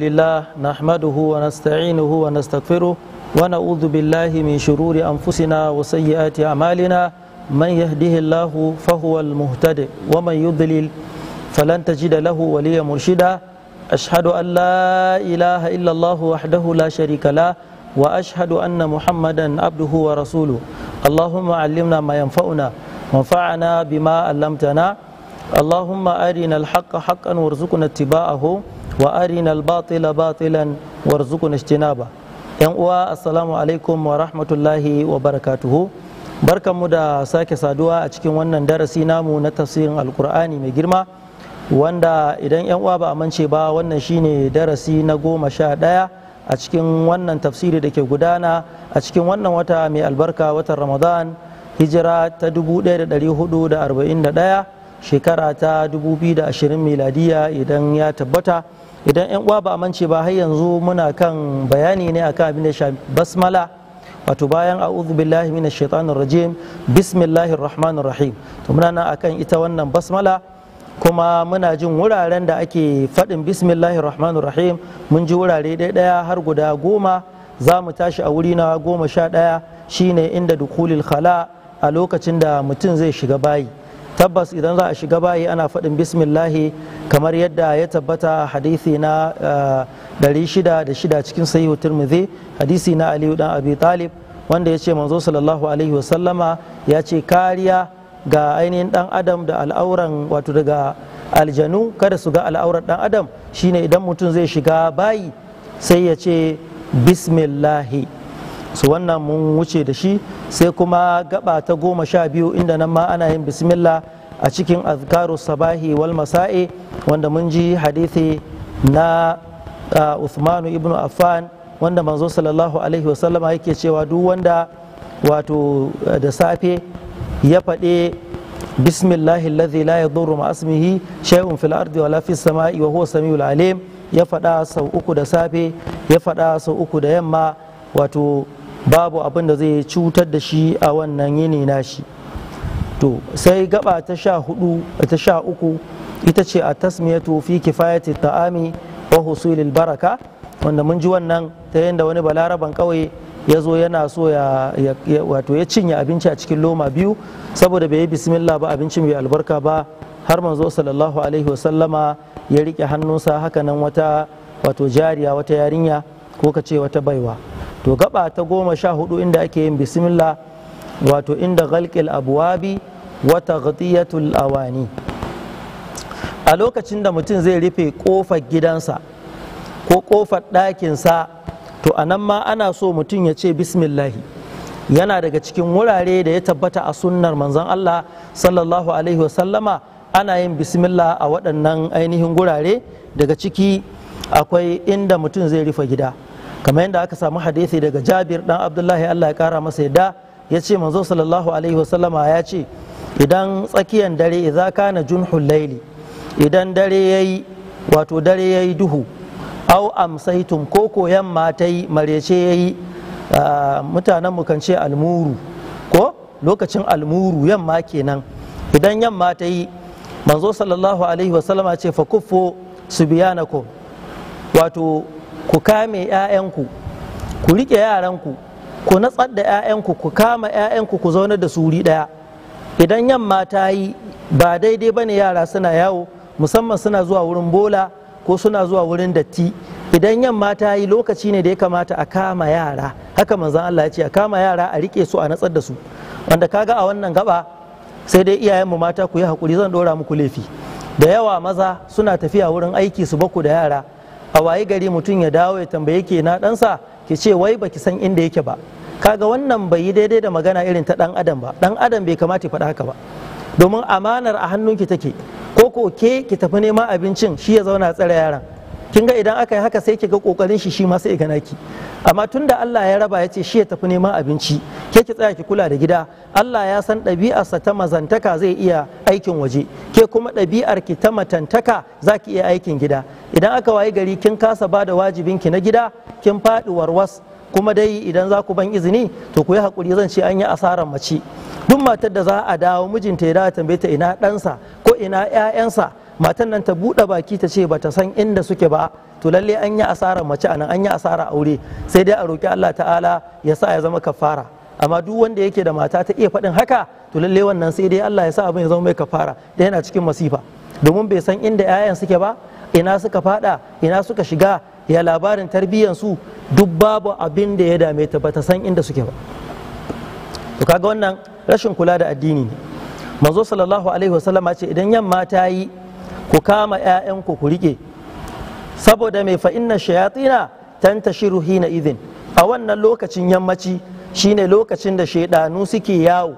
لله نحمده ونستعينه ونستغفره ونعوذ بالله من شرور أنفسنا وسيئات أعمالنا من يهده الله فهو المهتد ومن يضلل فلن تجد له وليا مرشدا أشهد أن لا إله إلا الله وحده لا شريك له وأشهد أن محمدا عبده ورسوله اللهم علمنا ما ينفعنا وانفعنا بما علمتنا اللهم أرنا الحق حقا وارزقنا اتباعه wa arina batila batilan warzuqna ijtinaba yan uwa assalamu alaikum wa rahmatullahi wa barakatuhu barkanmu da sake saduwa a cikin wannan darasi namu na tafsirin alkur'ani mai girma wanda idan yan uwa ba a mance ba wannan shine darasi na goma sha ɗaya a cikin wannan tafsiri da ke gudana a cikin wannan wata mai albarka watan ramadan hijira ta 1441 shekara ta 2020 miladiya idan ya tabbata idan yan uwa ba mance ba har yanzu muna kan bayani ne akan abin da shafi basmala wato bayan a'udhu billahi minash shaitanir rajim bismillahir rahmanir rahim to muna nan akan ita wannan basmala kuma muna jin wuraren da ake faɗin bismillahir rahmanir rahim mun ji wurare ɗaya har guda goma za mu tashi a wuri na goma sha ɗaya shine inda dukulil khala a lokacin da mutum zai shiga bayi tabbas idan za a shiga bayi ana faɗin bismillahi kamar yadda ya tabbata hadisi na 606 eh, cikin sahihu turmizi hadisi na aliyu dan abi talib wanda ya ce manzo sallallahu alaihi wasallama ya ce kariya ga ainihin dan adam da al'auran wato daga aljanu kada su ga al'auran dan adam shine idan mutum zai shiga bayi sai ya ce bismillahi su wannan mun wuce da shi sai kuma gaba ta goma sha biyu inda nan ma ana yin bismillah a cikin azkaru sabahi wal masa'i wanda mun ji hadithi na Uthmanu ibn Affan wanda manzo sallallahu alaihi wasallama yake cewa duk wanda wato da safe ya faɗe bismillahi alladhi la yadurru ma asmihi shay'un fil ardi wala fis sama'i wa huwa samiul alim ya faɗa sau uku da safe ya faɗa sau uku da yamma wato babu abin da zai cutar da shi a wannan yini nashi to sai gaba ta sha hudu ta sha uku ita ce a tasmiyatu fi kifayati ta'ami wa husulil baraka wanda mun ji wannan ta yadda wani balaraban kauye ya zo yana so ya wato ya cinye abinci a cikin loma biyu saboda bai yi bismillah ba abinci mai albarka ba har manzo sallallahu alaihi wasallama ya rike hannunsa hakanan wata wato jariya wata yarinya ko ka ce wata baiwa to gaba ta goma sha hudu inda ake yin bismillah wato inda ghalqil abwabi wa taghtiyatul awani a lokacin da mutum zai rufe kofar gidansa ko kofar ɗakinsa to a nan ma ana so mutum ya ce bismillahi yana daga cikin wurare da ya tabbata a sunnar manzon Allah sallallahu alaihi wasallama ana yin bismillah a waɗannan ainihin wurare; daga ciki akwai inda mutum zai rufe gida kamar yadda aka samu hadisi daga jabir dan abdullahi allah ya kara masa yadda ya ce manzo sallallahu alaihi wasallama ya ce idan tsakiyan dare idza kana junhul laili idan dare yayi wato dare yayi duhu au amsaitum ko ko yamma ta yi marece yayi mutanen mu kan ce almuru ko lokacin almuru yamma kenan idan yamma ta yi manzo sallallahu alaihi wasallama ce fa kuffu subyanakum wato ku kame 'ya'yanku ku riƙe yaranku ku natsar da 'ya'yanku ku kama 'ya'yanku ku zaunar da su wuri ɗaya idan yamma ta yi ba daidai ba ne yara suna yawo musamman suna zuwa wurin bola ko suna zuwa wurin datti idan yamma ta yi lokaci ne da ya kamata a kama yara haka manzan Allah ya ce a kama yara a riƙe su a natsar da su wanda kaga a wannan gaba sai dai iyayenmu mata ku yi hakuri zan ɗora muku laifi da yawa maza suna tafiya wurin aiki su baku da yara a waye gari mutum ya dawo ya tambaye ke na ɗansa ki ce wai baki san inda yake ba kaga wannan bai yi daidai da magana irin ta ɗan adam ba ɗan adam bai kamata ya faɗa haka ba domin amanar a hannunki take ko ko ke ki tafi neman abincin shi ya zauna tsare yaran kin ga idan aka yi haka sai kiga kokarin shi shi ma sai ga naki amma tunda Allah ya raba ya ce shi ya tafi neman abinci ke ki tsaya ki kula da gida Allah ya san ɗabi'arsa ta mazantaka zai iya aikin waje ke kuma ɗabi'ar ki ta matantaka zaki iya aikin gida idan aka wayi gari kin kasa ba da wajibin ki na gida kin faɗi warwas kuma dai idan za ku ban izini to ku yi hakuri zan ce an yi asarar mace duk matar da za a dawo mijinta ya dawo tambaye ta ina ɗansa ko ina 'ya'yansa matan nan ta buɗe baki ta ce bata san inda suke ba to lalle an yi asara mace anan an yi asara aure sai dai a roki Allah ta'ala ya sa ya zama kafara amma duk wanda yake da mata ta iya faɗin haka to lalle wannan sai dai Allah ya sa abin ya zama mai kafara da yana cikin masifa domin bai san inda 'ya'yan suke ba ina suka fada ina suka shiga ya labarin su. duk babu abin da ya dame ta bata san inda suke ba to kaga wannan rashin kula da addini ne manzo sallallahu alaihi wasallam ce idan yamma ta yi ku kama 'ya'yanku ku riƙe. saboda mai fa'inna shayatina ruhi na izin a wannan lokacin yammaci shine lokacin da shaidanu suke yawo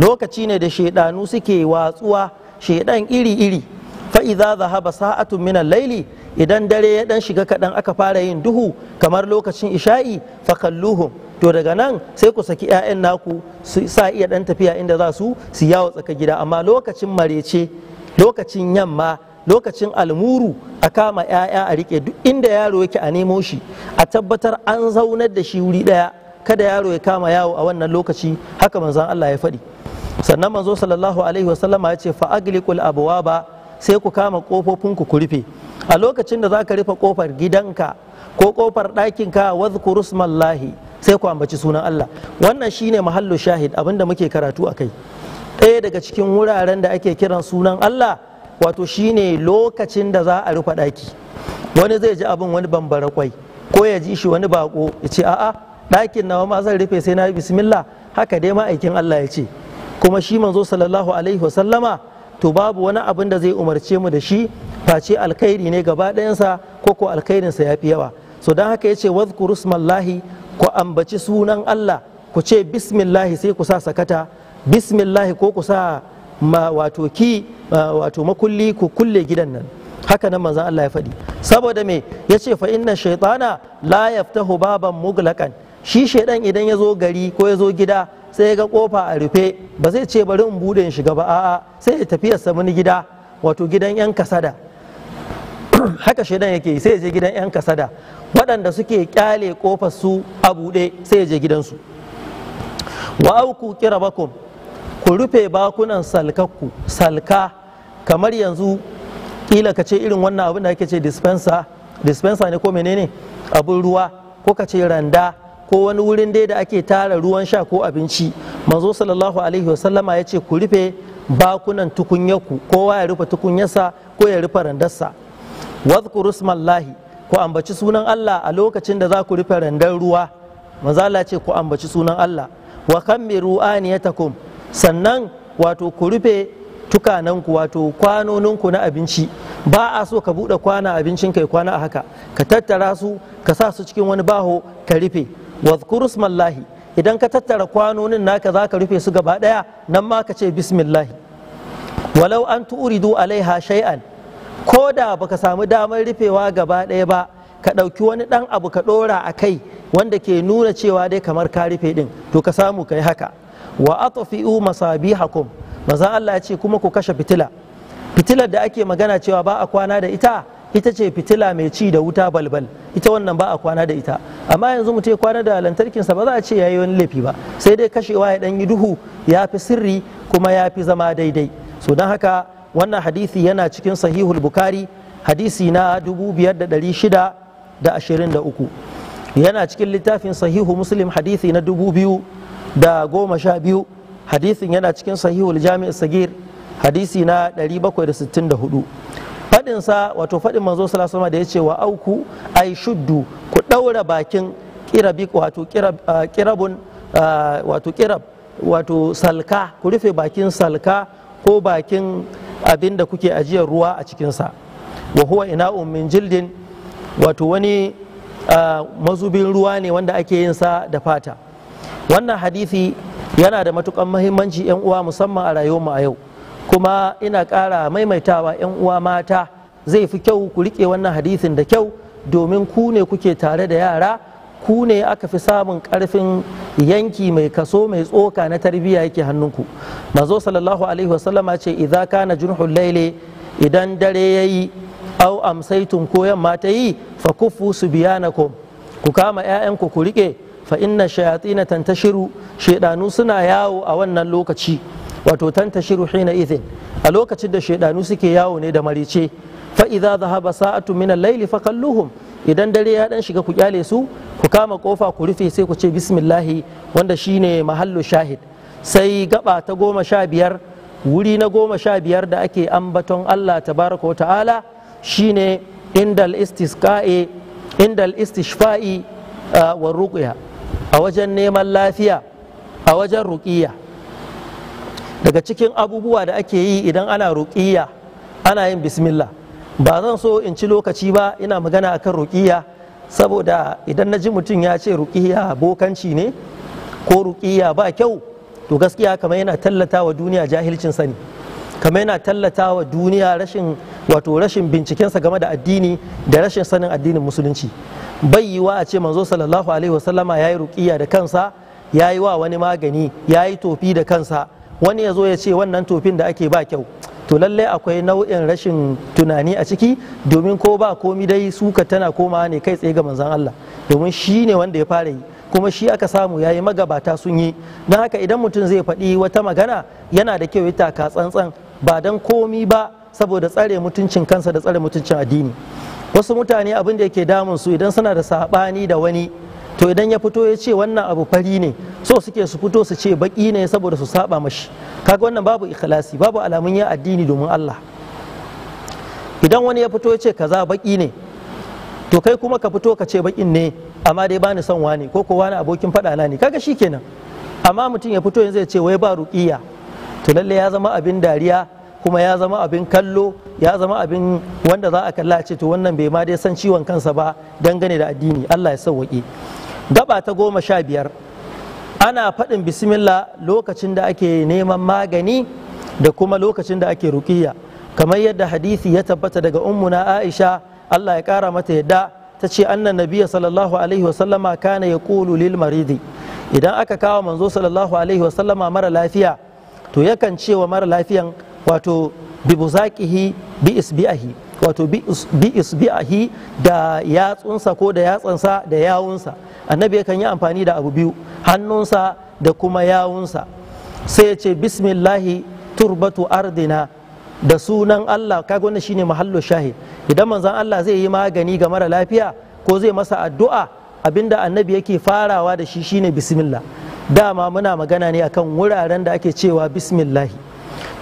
lokaci ne da shaidanu suke watsuwa shaidan iri-iri fa'iza zahaba sa'atun minan laili idan dare ya dan shiga kaɗan aka fara yin duhu kamar lokacin isha'i fakalluhum to daga nan sai ku saki 'ya'yan naku su sa iya dan tafiya inda za su su yawo tsaka gida amma lokacin marece lokacin yamma lokacin almuru a kama 'ya'ya a rike duk inda yaro yake a nemo shi a tabbatar an zaunar da shi wuri daya kada yaro ya kama yawo a wannan lokaci haka manzon Allah ya faɗi sannan manzo sallallahu alaihi wa sallama ya ce fa aglikul abwaba sai ku kama kofofin ku ku rufe a lokacin da zaka rufe kofar gidanka ko kofar ka wadhkuru smallahi sai ku ambaci sunan Allah wannan shine mahallu shahid abinda muke karatu akai ɗaya daga cikin wuraren da ake kiran sunan Allah wato shine lokacin da za a rufe ɗaki wani zai ji abin wani bambara kwai ko ya ji shi wani bako ya ce a'a ɗakin nawa ma zan rufe sai na bismillah haka dai ma'aikin Allah ya ce kuma shi manzo sallallahu alaihi wasallama to babu wani abin da zai umarce mu da shi face alkhairi ne gaba ɗayansa ko ko alkhairinsa ya fi yawa so don haka ya ce wadhkuru ku ambaci sunan Allah ku ce bismillahi sai ku sa sakata bismillahi ko ku sa ma wato ki wato makulli ku kulle gidan nan haka nan manzon Allah ya faɗi saboda me yace fa inna shaytana la yaftahu baban muglaqan shi shaidan idan yazo gari ko yazo gida sai ya ga kofa a rufe ba zai ce bari in bude in shiga ba a'a sai ya tafi ya gida wato gidan yan kasada haka shaidan yake sai ya je gidan yan kasada waɗanda suke kyale kofar su a bude sai ya je gidansu wa auku kirabakum ku rufe bakunan salkakku salka kamar yanzu ƙila ka ce irin wannan abin da ake ce dispenser dispenser ne ko menene abin ruwa ko ka ce randa ko wani wurin dai da ake tara ruwan sha ko abinci manzo sallallahu alaihi wasallama ya ce ku rufe bakunan tukunyarku kowa ya rufe tukunyarsa ko ya rufe randarsa wadhkuru smallahi ku ambaci sunan Allah a lokacin da za ku rufe randar ruwa manzo Allah ce ku ambaci sunan Allah wa kammiru aniyatakum sannan wato ku rufe tukananku wato kwanoninku na abinci ba a so ka buɗe kwana abincin kai kwana a haka ka tattara su ka sa su cikin wani baho ka rufe wadhkuru mallahi", idan ka tattara kwanonin naka za ka rufe su gaba ɗaya nan ma ka ce bismillahi walau an tu'ridu alaiha shay'an ko da baka samu damar rufewa gaba ɗaya ba ka ɗauki wani ɗan abu ka ɗora a kai wanda ke nuna cewa dai kamar ka rufe ɗin to ka samu ka yi haka wa atfi'u masabihakum maza Allah ya ce kuma ku kashe fitila fitilar da ake magana cewa ba a kwana da ita ita ce fitila mai ci da wuta balbal ita wannan ba a kwana da ita amma yanzu mutum ya kwana da lantarkinsa ba za a ce ya yi wani laifi ba sai dai kashewa ya dan yi duhu ya fi sirri kuma ya fi zama daidai so don haka wannan hadisi yana cikin sahihul bukari hadisi na 5623 yana cikin littafin sahihu muslim hadisi na 2000 da goma sha biyu hadisin yana cikin sahihul jami'i sagir hadisi na 764 fadinsa wato fadin manzo sallallahu da ya ce wa auku ai shuddu ku ɗaura bakin kirabi wato kirabun wato kirab wato salka ku rufe bakin salka ko bakin abin da kuke ajiyar ruwa a cikinsa wa huwa ina'un min jildin wato wani mazubin ruwa ne wanda ake yin sa da fata wannan hadisi yana da matukan mahimmanci yan uwa musamman a mu a yau kuma ina ƙara maimaitawa yan uwa mata zai fi kyau ku rike wannan hadisin da kyau domin ku ne kuke tare da yara ku ne aka fi samun ƙarfin yanki mai kaso mai tsoka na tarbiyya yake hannunku manzo sallallahu alaihi wasallama ce idza kana junhul laile idan dare yayi au amsaitun ko yamma ta yi fa kuffu subyanakum ku kama ƴaƴanku ku riƙe fa inna shayatina tantashiru shaidanu suna yawo a wannan lokaci wato tantashiru hina izin a lokacin da shaidanu suke yawo ne da marice fa idza dhahaba sa'atu min al-layli faqalluhum idan dare ya dan shiga ku kyale su ku kama kofa ku rufe sai ku ce bismillahi wanda shine mahallu shahid sai gaba ta goma sha biyar wuri na goma sha biyar da ake ambaton Allah tabaraka wa ta'ala shine indal istisqa'i indal istishfa'i uh, wa ruqya a wajen neman lafiya a wajen ruƙiya daga cikin abubuwa da ake yi idan ana ruƙiya ana yin bismillah ba zan so in ci lokaci ba ina magana akan ruƙiya saboda idan na ji mutum ya ce ruƙiya bokanci ne ko ruƙiya ba kyau to gaskiya kamar yana tallata wa duniya jahilcin sani kama yana tallata wa duniya rashin wato rashin bincikensa game da addini da rashin sanin addinin musulunci bai yiwa a ce manzo sallallahu alaihi wasallama ya yi ruƙiya da kansa ya yi wa wani magani ya yi tofi da kansa wani ya zo ya ce wannan tofin da ake ba kyau to lallai akwai nau'in rashin tunani a ciki domin ko ba komi dai suka tana koma ne kai tsaye ga manzon Allah domin shi ne wanda ya fara yi kuma shi aka samu yayi magabata sun yi don haka idan mutum zai faɗi wata magana yana da kyau ya taka tsantsan ba dan komi ba saboda tsare mutuncin kansa da tsare mutuncin addini wasu mutane abin da yake damun su idan suna da saɓani da wani to idan ya fito ya ce wannan abu fari ne so suke su fito su ce baki ne saboda su saba mashi kaga wannan babu ikhlasi babu alamun ya addini domin Allah idan wani ya fito ya ce kaza baki ne to kai kuma ka fito ka ce bakin ne amma dai bani son wani ko ko wani abokin faɗa na ne kaga shikenan amma mutum ya fito yanzu ya ce wai ba ruqiya to lalle ya zama abin dariya kuma ya zama abin kallo ya zama abin wanda za a kalla ce to wannan bai ma dai san ciwon kansa ba dangane da addini Allah ya sauwaƙe gaba ta goma sha biyar ana faɗin bismillah lokacin da ake neman magani da kuma lokacin da ake ruƙiya kamar yadda hadisi ya tabbata daga ummuna aisha Allah ya ƙara mata yadda ta ce annan nabiya sallallahu alaihi wasallama kana ya ƙulu lil maridi idan aka kawo manzo sallallahu alaihi wasallama mara lafiya to yakan cewa mara lafiyan wato bi buzaqihi bi isbi'ahi wato bi isbi'ahi da yatsunsa ko da yatsansa da yawunsa annabi yakan yi amfani da abu biyu hannunsa da kuma yawunsa sai ya ce bismillahi turbatu ardina da sunan Allah kaga wannan shine mahallo shahid idan manzon Allah zai yi magani ga mara lafiya ko zai masa addu'a abinda annabi yake farawa da shi shine bismillah dama muna magana ne akan wuraren da ake cewa bismillahi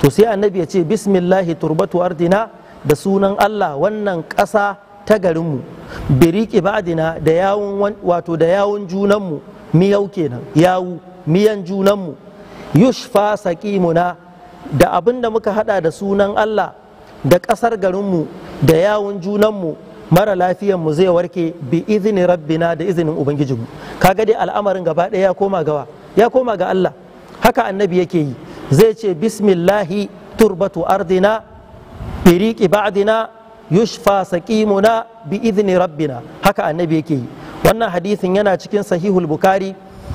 to sai annabi ya ce bismillahi turbatu ardina da sunan Allah wannan ƙasa ta garinmu biriki ba'dina da yawun wato da yawun junanmu miyau kenan yawu miyan junanmu yushfa saqimuna da abin da muka hada da sunan Allah da ƙasar garinmu da yawun junanmu mara mu zai warke bi izini rabbina da izinin ubangijinmu kaga dai al'amarin gaba ɗaya ya koma gawa ya koma ga Allah haka annabi yake yi zai ce bismillahi turbatu ardina biriki ba'dina yushfa saqimuna bi idni rabbina haka annabi yake yi wannan hadisin yana cikin sahihul bukhari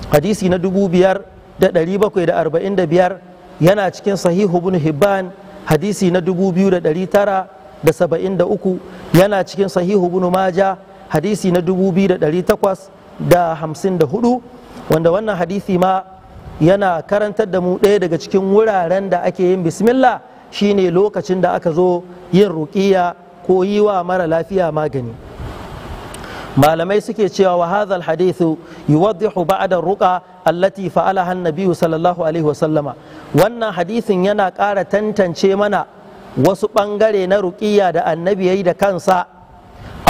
hadisi na 5745 yana cikin sahihu ibn hibban hadisi na 2973 yana cikin sahihu ibn maja hadisi na 2854 wanda wannan hadisi ma yana karantar da mu ɗaya daga cikin wuraren da ake yin bismillah shine lokacin da aka zo yin ruƙiya ko yi wa mara lafiya magani malamai suke cewa wa hadhal hadithu yuwaddihu ba'da ruqa allati fa'alaha an-nabiyyu sallallahu alaihi wasallama wannan hadithin yana ƙara tantance mana wasu ɓangare na ruqiyya da annabi yayi da kansa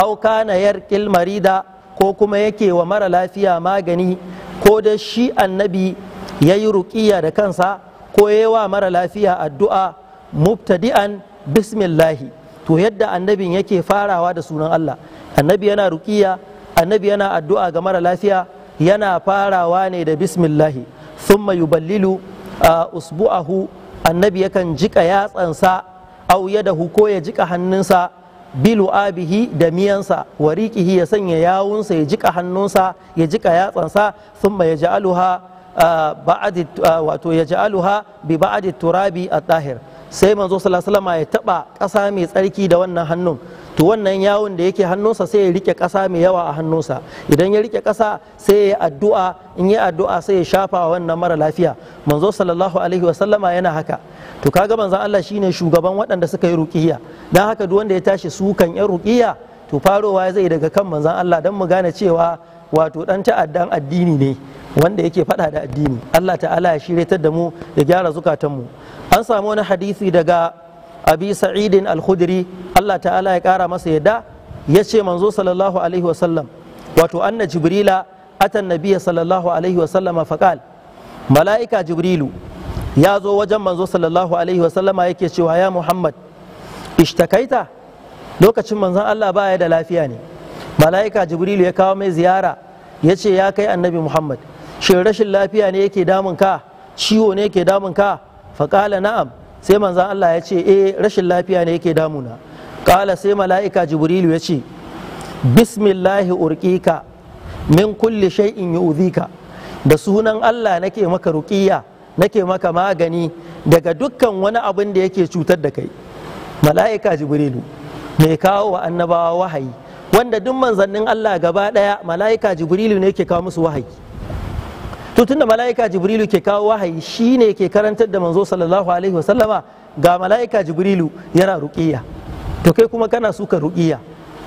au kana yarqil marida ko kuma yake wa mara lafiya magani ko da shi annabi ya yi ruƙiya da kansa ko ya wa mara lafiya addu'a mubtadi'an bismillahi to yadda annabin yake farawa da sunan Allah annabi yana ruƙiya annabi yana addu'a ga mara lafiya yana farawa ne da bismillahi thumma yuballilu usbu'ahu annabi yakan jika yatsansa au yadahu ko ya jika hannunsa bilu abihi da miyansa wa ya sanya yawunsa ya jika hannunsa ya jika yatsansa thumma ya Uh, wato ya ja'aluha bi ba'adi turabi a tahir sai manzo sallallahu ya taba ƙasa mai tsarki da wannan hannun to wannan yawon da yake hannunsa sai ya rike ƙasa mai yawa a hannunsa idan ya rike ƙasa sai ya addu'a in ya addu'a sai ya shafa wannan mara lafiya manzo sallallahu alaihi wasallama yana haka to kaga manzon Allah shine shugaban waɗanda suka yi ruqiyya dan haka duk wanda ya tashi su kan yan ruqiyya to farowa zai daga kan manzo Allah dan mu gane cewa wato dan ta'addan addini ne wanda yake fada da addini Allah ta'ala ya shiryatar da mu ya gyara zukatan mu. an samu wani hadisi daga abi sa'idin al-khudri Allah ta'ala ya kara masa yadda ya ce manzo sallallahu alaihi wasallam wato anna jibrila atan nabiy sallallahu alaihi wasallama faqal mala'ika jibrilu ya zo wajen manzo sallallahu alaihi wasallama yake cewa ya muhammad ishtakaita lokacin manzon Allah baya da lafiya ne mala'ika jibrilu ya kawo mai ziyara ya ce ya kai annabi muhammad shin rashin lafiya ne yake damun ka ciwo ne yake damun ka faƙala na'am sai manzan allah ya ce eh rashin lafiya ne yake damuna ƙala sai mala'ika jibrilu ya ce bismillahi ka, min kulli shay'in yu'dhika da sunan allah nake maka ruƙiya nake maka magani daga dukkan wani abin da yake cutar da kai mala'ika jibrilu mai kawo wa annabawa wahayi wanda duk manzannin Allah gaba ɗaya, mala'ika jibrilu ne ke kawo musu wahayi to tunda mala'ika jibrilu ke kawo wahayi shine ke karantar da manzo sallallahu alaihi wasallama ga mala'ika jibrilu yana ruqiyya to kai kuma kana suka ruqiyya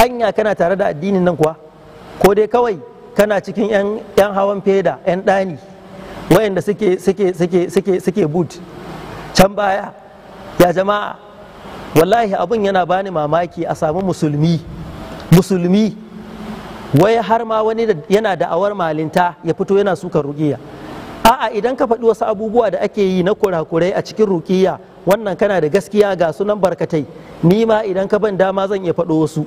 anya kana tare da addinin nan kuwa ko dai kawai kana cikin yan hawan feda yan dani wayanda suke suke suke suke suke boot can baya ya jama'a wallahi abun yana bani mamaki a samu musulmi musulmi wai har ma wani yana da awar malinta ya fito yana suka rukiya a'a idan ka faɗi wasu abubuwa da ake yi na kurakurai a cikin rukiya wannan kana da gaskiya ga sunan barkatai ni ma idan ka ban dama zan iya faɗo wasu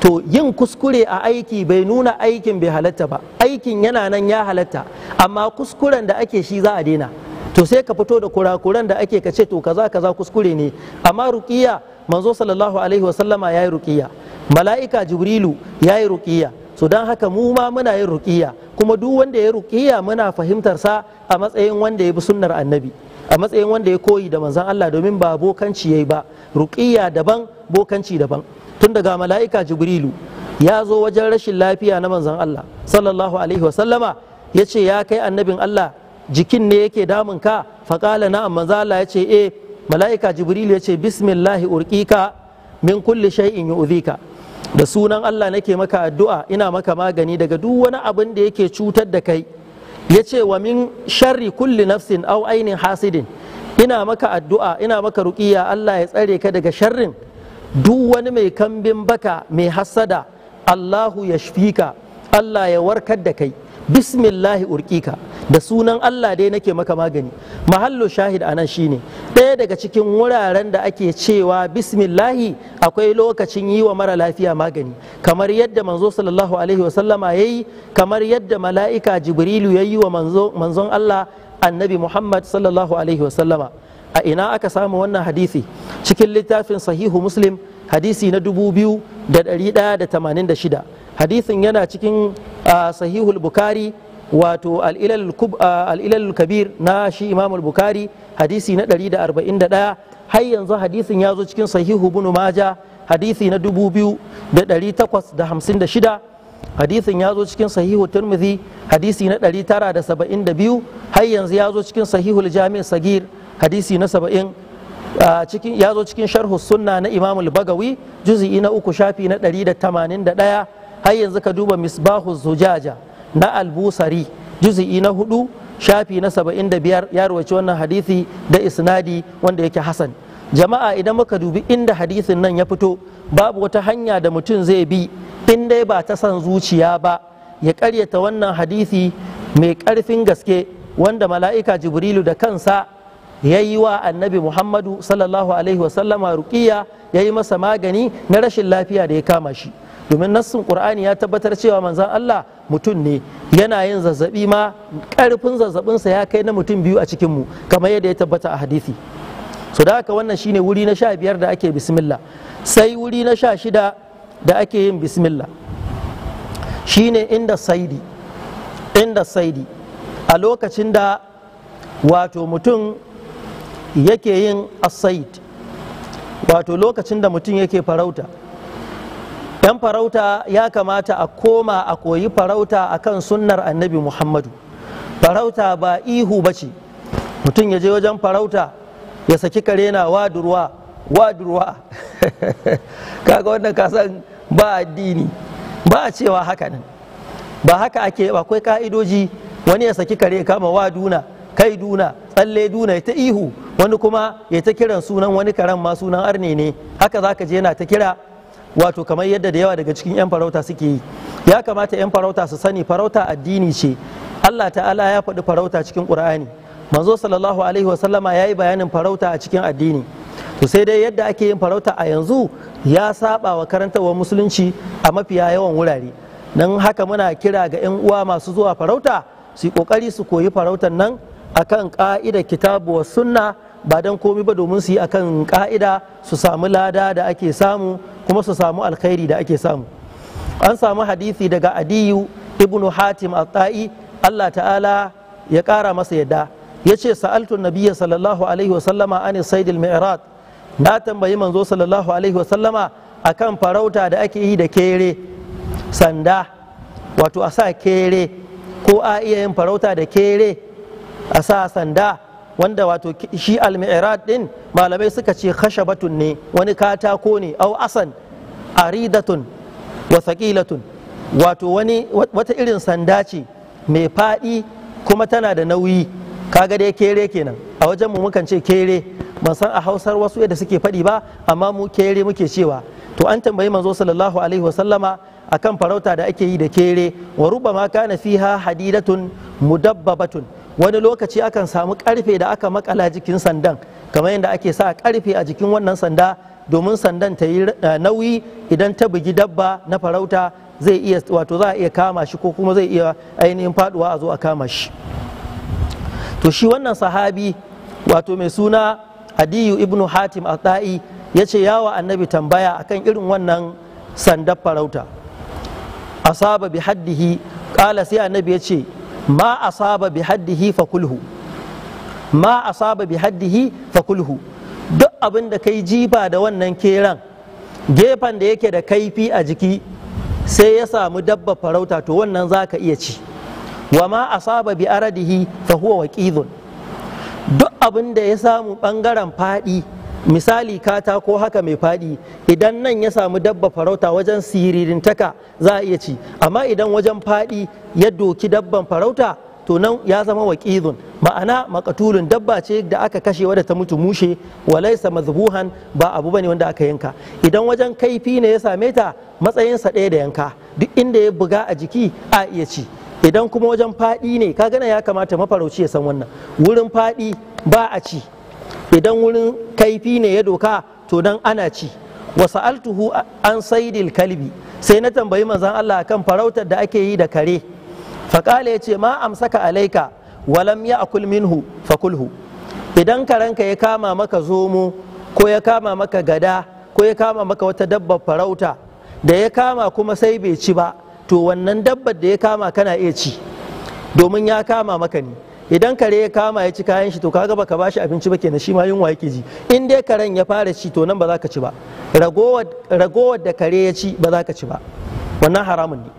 to yin kuskure a aiki bai nuna aikin bai halatta ba aikin yana nan ya halatta amma kuskuren da ake shi za a daina to sai ka fito da kurakuran da ake ka ce to kaza kaza kuskure ne amma rukiya manzo sallallahu alaihi wasallama yayi rukiya mala'ika jibrilu ya yi ruƙiya so don haka mu ma muna yin ruƙiya kuma duk wanda ya ruƙiya muna fahimtar sa a matsayin wanda ya bi sunnar annabi a matsayin wanda ya koyi da manzon Allah domin ba bokanci yayi ba ruƙiya daban bokanci daban tun daga mala'ika jibrilu ya zo wajen rashin lafiya na manzon Allah sallallahu alaihi wasallama ya ya kai annabin Allah jikin ne yake damun ka qala na manzon Allah yace eh mala'ika jibrilu yace ce bismillahi urqika min kulli shay'in yu'dhika da sunan Allah nake maka addu'a ina maka magani daga duk wani abin da yake cutar da kai ya ce wa min sharri kulli nafsin au ainin hasidin ina maka addu'a ina maka ruƙiya Allah ya tsare ka daga sharrin duk wani mai kambin baka mai hassada Allahu ya ka Allah ya warkar da kai bismillahi urkika da sunan Allah dai nake maka magani mahallu shahid anan shine ɗaya daga cikin wuraren da ake cewa bismillahi akwai lokacin yi wa mara lafiya magani kamar yadda manzo sallallahu alaihi wasallama ya yi kamar yadda mala'ika jibrilu ya yi wa manzon Allah annabi muhammad sallallahu alaihi wasallama a ina aka samu wannan hadisi cikin littafin sahihu muslim hadisi na dubu biyu da da da ɗari ɗaya tamanin shida hadisin yana cikin ah, sahihul bukari wato al'ilal kabir na shi Imamul al-bukhari hadisi na 141 har yanzu hadisin ya zo cikin sahihu bunu maja hadisi na 2856 hadisin ya zo cikin sahihu turmizi hadisi na 972 har yanzu ya zo cikin sahihu jami sagir hadisi na 70 ya zo cikin sharhu sunna na Imamul al-bagawi juz'i na uku shafi na 181 har yanzu ka duba misbahu zujaja na albusari juzi'i na hudu shafi na saba'in da biyar ya ruwaci wannan hadisi da isnadi wanda yake hasan jama'a idan muka dubi inda hadisin nan ya fito babu wata hanya da mutum zai bi in dai ba ta san zuciya ba ya karyata wannan hadisi mai karfin gaske wanda mala'ika jibrilu da kansa ya yi wa annabi muhammadu sallallahu alaihi wasallama rukiya ya yi masa magani na rashin lafiya da ya kama shi domin nassin qur'ani ya tabbatar cewa manzan Allah mutum ne yana yin zazzabi ma karfin zazzabinsa ya kai na mutum biyu a cikin mu kamar yadda ya tabbata a hadisi so da haka wannan shine wuri na sha biyar da ake bismillah sai wuri na sha shida da ake yin bismillah shine inda saidi inda saidi a lokacin da wato mutum yake yin asaid wato lokacin da mutum yake farauta 'yan farauta ya kamata a koma a koyi farauta a kan sunnar annabi muhammadu farauta ba ihu ba ce mutum ya je wajen farauta ya saki kare na wadurwa wadurwa kaga wannan kasan ba addini ba a cewa haka nan ba haka ake akwai ka'idoji wani ya saki kare kama wa duna, kai duna tsalle duna ya ta ihu wani kuma ya ta kiran sunan wani karen ma sunan arne ne haka zaka je yana ta kira wato kamar yadda da yawa daga cikin 'yan farauta suke yi ya kamata 'yan farauta su sani farauta addini ce allah ta'ala ya faɗi farauta cikin ƙur'ani manzo sallallahu alaihi wasallama ya yi bayanin farauta a cikin addini to sai dai yadda ake yin farauta a yanzu ya saba wa karantarwar musulunci a mafiya yawan wurare Nan haka muna kira ga 'yan uwa masu zuwa farauta su yi kokari su koyi farautar nan akan ka'ida kitabu wa sunna ba don komi ba domin su yi akan ƙa'ida su samu lada da ake samu kuma su samu alkhairi da ake samu an samu hadisi daga adiyu ibnu hatim al tai Allah ta'ala ya ƙara masa yadda ya ce sa'altun sallallahu alaihi wasallama an saidil mi'rad na tambayi manzo sallallahu alaihi wasallama akan farauta da ake yi da kere sanda wato a sa kere ko a iya yin farauta da kere a sa sanda wanda wato shi al-mi'rad din malamai suka ce khashabatun ne wani katako ne au asan aridatun wa thaqilatun wato wani wata irin sanda ce mai faɗi kuma tana da nauyi kaga dai kere kenan a wajen mu mukan ce kere ban san a hausar wasu yadda suke faɗi ba amma mu kere muke cewa to an tambayi manzo sallallahu alaihi wasallama akan farauta da ake yi da kere wa rubama kana fiha hadidatun mudabbabatun wani lokaci akan samu karfe da aka makala jikin sandan kamar yadda ake sa karfe a jikin wannan sanda domin sandan ta yi eh, nauyi idan ta bugi dabba na farauta zai iya wato za a iya kama shi ko kuma zai iya ainihin faduwa a zo a kama shi to shi wannan sahabi wato mai suna adiyu ibnu hatim al-da'i ya ce yawa annabi tambaya akan irin wannan sandan farauta asaba bi haddihi kala sai annabi ya ce ma asaba bi haddihi fa kulhu ma asaba bi haddihi fa kulhu duk abin da kai jifa da wannan keran gefen da yake da kaifi a jiki sai ya samu dabba farauta to wannan za ka iya ci wa ma asaba bi aradihi fa huwa waqidun duk abin da ya samu bangaren faɗi. misali katako haka mai fadi idan nan ya samu dabba farauta wajen siririntaka za a iya ci amma idan wajen fadi ya doki dabban farauta to nan ya zama waƙizun ma'ana makatulun dabba ce da aka kashe wadda ta mutu mushe walaisa mazbuhan ba abu bane wanda aka yanka idan wajen kaifi ne ya same ta matsayinsa ɗaya da yanka duk inda ya buga a jiki a iya ci idan kuma wajen fadi ne ka gana ya kamata mafarauci ya san wannan wurin fadi ba a ci idan wurin kaifi ne ya doka to dan ana ci Wasu sa'altuhu an saidil kalbi sai na tambayi manzon Allah kan farautar da ake yi da kare faƙala ya ce ma amsaka alaika walam ya akul minhu fakulhu idan karanka ya kama maka zomo ko ya kama maka gada ko ya kama maka wata dabbar farauta da ya kama kuma sai bai ci ba to wannan dabbar da ya kama kana iya ci domin ya kama maka ne idan kare ya kama ya ci kayan shi to kaga baka bashi abinci ba kenan shi ma yunwa yake ji in dai karen ya fara ci to nan ba za ka ci ba ragowar da kare ya ci ba za ka ci ba wannan haramun ne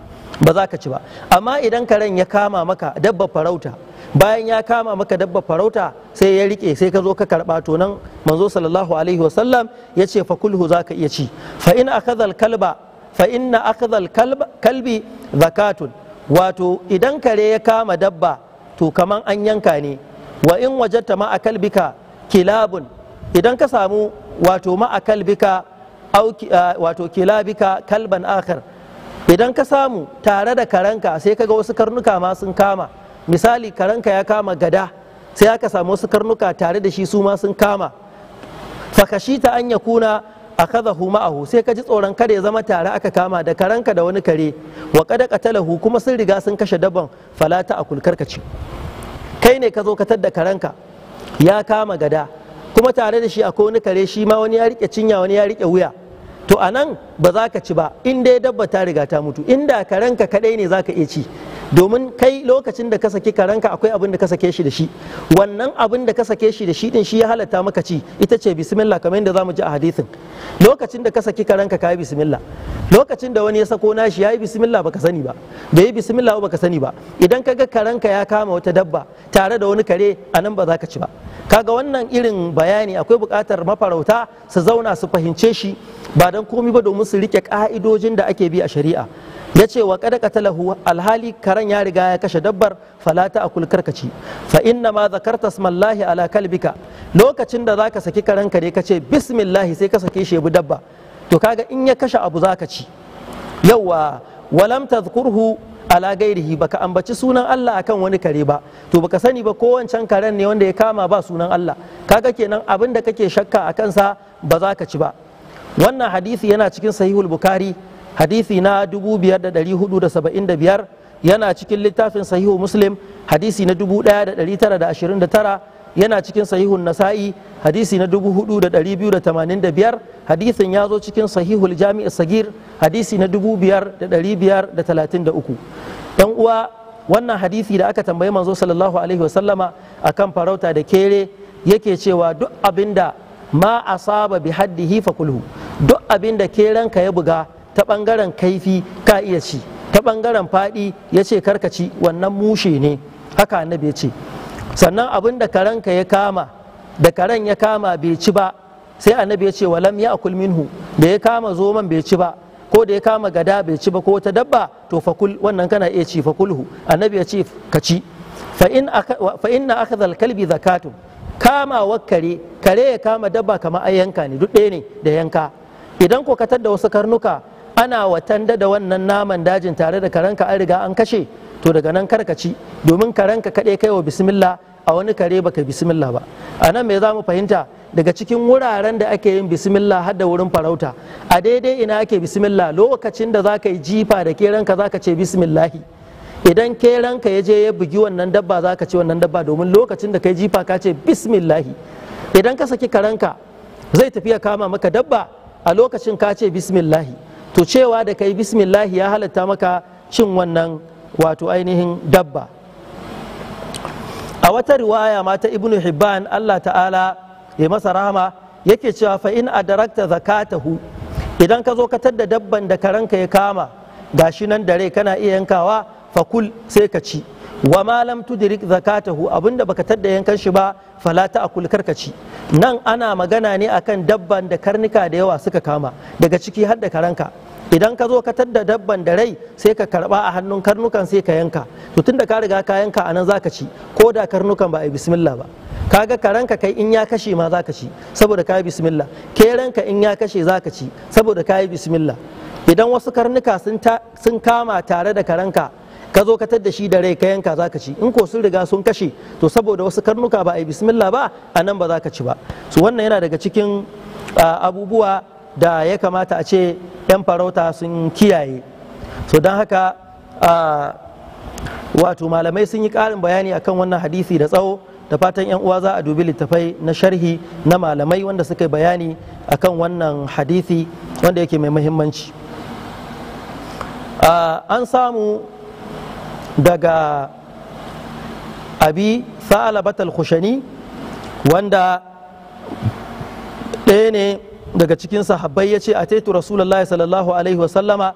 ba za ka ci ba amma idan karen ya kama maka dabba farauta bayan ya kama maka dabba farauta sai ya rike sai ka zo ka karba to nan manzo sallallahu alaihi wasallam ya ce fa kulhu za ka iya ci fa in akhadha kalba fa inna akhadha kalbi zakatun wato idan kare ya kama dabba to kaman an yanka ne wa in wajatta ma a kalbika kilabun idan ka samu wato ma a kalbika wato kilabika kalban akhar idan ka samu tare da karanka sai ka ga wasu karnuka ma sun kama misali karanka ya kama gada sai aka samu wasu karnuka tare da shi su ma sun kama fakashita an ya kuna akadahu ma'ahu sai ka ji tsoron kada ya zama tare aka kama da karanka da wani kare wa kada qatalahu kuma sun riga sun kashe dabban fala ta akul karkaci kai ne ka zo ka tadda karanka ya kama gada kuma tare da shi akwai wani kare shi ma wani ya rike cinya wani ya rike wuya to anan ba za ka ci ba in dai dabba ta riga ta mutu inda karanka kadai ne za ka iya ci domin kai lokacin da ka saki karanka akwai abin da ka sake shi da shi wannan abin da ka sake shi da shi din shi ya halatta maka ci ita ce bismillah kamar yadda zamu ji a hadisin lokacin da ka saki karanka ka yi bismillah lokacin da wani ya sako nashi ya yi bismillah baka sani ba bai yi bismillah baka sani ba idan ka ga karanka ya kama wata dabba tare da wani kare a nan ba za ka ci ba kaga wannan irin bayani akwai buƙatar mafarauta su zauna su fahimce shi ba dan komi ba domin su rike ka'idojin da ake bi a shari'a ya ce wa kada talahu alhali karan ya riga ya kashe dabbar falata a akul karkaci fa inna ma zakarta smallahi ala kalbika lokacin da zaka saki karen kare ne ka ce bismillah sai ka sake shi dabba to kaga in ya kashe abu zaka ci yawa walam tadhkurhu ala gairihi baka ambaci sunan Allah akan wani kare ba to baka sani ba ko wancan karen ne wanda ya kama ba sunan Allah kaga kenan abin da kake shakka a kansa ba za ka ci ba wannan hadisi yana cikin sahihul bukhari hadisi na 5475 yana cikin littafin sahihu muslim hadisi na 1929 yana cikin sahihun nasa'i hadisi na 4285 hadisin ya zo cikin sahihul Jami'a sagir hadisi na 5533 dan uwa wannan hadisi da aka tambayi manzo sallallahu alaihi wasallama akan farauta da kere yake cewa duk abinda ma asaba bi haddihi kulhu. duk abinda kerenka ya buga ta ɓangaren kaifi ka iya ci ta ɓangaren faɗi ya ce karkaci wannan mushe ne haka annabi ya ce sannan abin da karanka ya kama da karen ya kama bai ci ba sai annabi ya ce walam ya akul minhu da ya kama zoman bai ci ba ko da ya kama gada bai ci ba ko wata dabba to fakul wannan kana iya ci fakulhu annabi ya ce ka ci fa inna akhdhal kalbi zakatun kama kare kare ya kama dabba kamar ayyanka ne duk ɗaya ne da yanka idan ko katar da wasu karnuka ana watanda da wannan naman dajin tare da karanka an riga an kashe to daga nan ci domin karanka kaɗai kai wa bismillah a wani kare baka bismillah ba a nan me za mu fahimta daga cikin wuraren da ake yin bismillah har da wurin farauta a daidai ina ake bismillah lokacin da za ka yi jifa da keranka za ka ce bismillahi idan keranka ya je ya bugi wannan dabba za ka ce wannan dabba domin lokacin da ka yi jifa ka ce bismillahi idan ka saki karanka zai tafi ya kama maka dabba a lokacin ka ce bismillahi to cewa da kai bismillah ya halatta maka cin wannan wato ainihin dabba a wata riwaya mata ta ibnu hibban allah ta'ala ya masa rahama yake cewa fa in adarakta zakatahu idan ka zo ka tadda dabban da karanka ya kama gashi nan dare kana iya yankawa fakul sai ka ci wa malam tudrik zakatahu abinda baka tadda yankan shi ba fala ta akul ci. nan ana magana ne akan dabban da karnika da yawa suka kama daga ciki har da karanka idan ka zo ka tadda dabban da rai sai ka karba a hannun karnukan sai ka yanka to tunda ka riga ka yanka anan zaka ci ko da karnukan ba a yi bismillah ba kaga karanka kai in ya kashe ma zaka ci saboda ka yi bismillah keranka in ya kashe zaka ci saboda ka yi bismillah idan wasu karnuka sun kama tare da karanka ka zo ka tadda shi da rai ka yanka zaka ci in ko sun riga sun kashe to saboda wasu karnuka ba a yi bismillah ba a nan ba zaka ci ba su wannan yana daga cikin ah, abubuwa da ya kamata a ce 'yan farauta sun kiyaye so don haka wato malamai sun yi ƙarin bayani akan wannan hadisi da tsawo da fatan 'yan uwa za a dubi littafai na sharhi na malamai wanda suka bayani akan wannan hadisi wanda yake mai muhimmanci an samu daga abi batal khushani wanda ɗaya ne daga cikin sahabbai ya ce a taitu rasulullahi sallallahu alaihi wasallama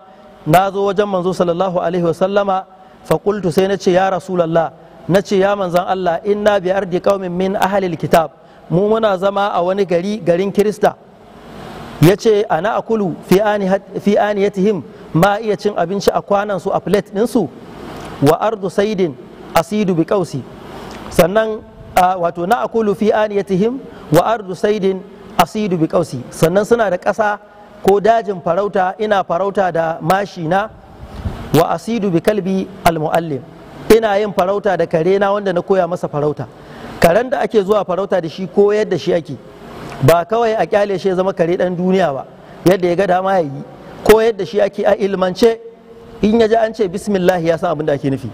na zo wajen manzo sallallahu alaihi wasallama faƙultu sai na ce ya rasulallah na ce ya manzan Allah inna bi ardi qaumin min ahlil kitab mu muna zama a wani gari garin kirista ya ce ana akulu fi aniyatihim ma iya cin abinci a kwanan su a plate ɗinsu wa ardu saidin asidu bi kausi sannan wato na akulu fi aniyatihim wa ardu saidin asidu bi kausi sannan suna da ƙasa ko dajin farauta ina farauta da mashina. wa asidu bi kalbi almuallim ina yin farauta da kare na wanda na koya masa farauta karen da ake zuwa farauta da shi ko yadda shi ake ba kawai a kyale shi zama kare dan duniya ba yadda ya ga dama ya yi ko yadda shi ake a ilmance in ya ji an ce bismillah ya san abin da ake nufi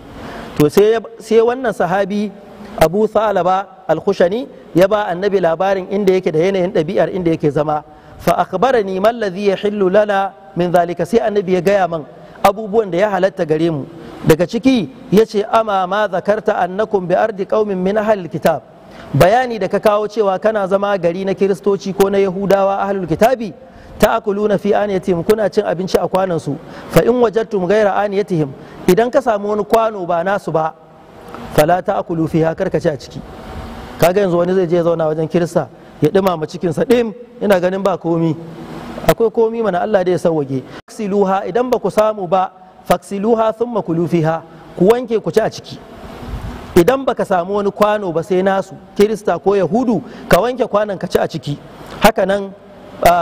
to sai wannan sahabi abu salaba al-khushani ya ba annabi labarin inda yake da yanayin ɗabi'ar inda yake zama fa akhbarani mallazi ya yahillu lana min zalika sai annabi ya gaya man abubuwan da ya halatta gare mu daga ciki yace ce ama ma zakarta annakum bi ardi qaumin min ahlil kitab bayani da ka kawo cewa kana zama gari na kiristoci ko na yahudawa ahlul kitabi ta'kuluna fi aniyatihim kuna cin abinci a kwanan su fa in wajadtum ghayra aniyatihim idan ka samu wani kwano ba nasu ba fala ta'kulu fiha karkace a ciki kaga yanzu wani zai je zauna wajen kirista ya cikin cikinsa ɗim ina ganin ba komi akwai komi mana Allah da ya sawwage faksiluha idan ba ku samu ba faksiluha thumma ha, ku wanke ku ci a ciki idan baka samu wani kwano ba sai nasu kirista ko yahudu ka wanke kwanon ka ci a ciki haka nan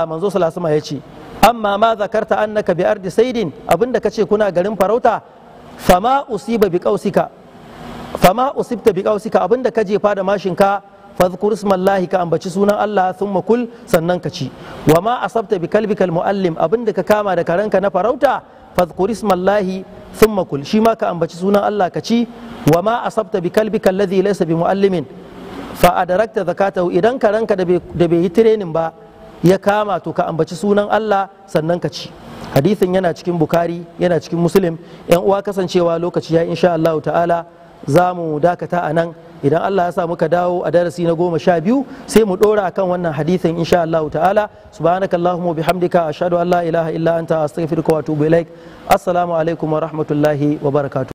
manzo salasuma ya ce amma ma zakarta annaka bi ardi saidin abinda kace kuna garin farauta fama usiba bi qausika fama usibta bi kausika abinda ka jefa da mashinka fadhkur ismallahi ka ambaci sunan Allah thumma kul sannan ka ci wa ma asabta bi muallim abinda ka kama da karanka na farauta fadhkur ismallahi thumma kul shi ma ka ambaci sunan Allah ka ci wa ma asabta bi kalbikal laysa bi muallimin fa adarakta zakatahu idan karanka da bai yi tirenin ba ya kama to ka ambaci sunan Allah sannan ka ci hadisin yana cikin bukari yana cikin muslim yan uwa kasancewa lokaci ya insha Allah ta'ala za mu dakata a nan idan Allah ya sa muka dawo a darasi na goma sha biyu sai mu dora akan wannan hadithin insha Allah ta'ala subhanaka allahumma bihamdika ashhadu an la ilaha illa anta astaghfiruka wa atubu ilaik assalamu alaikum wa rahmatullahi wa barakatuh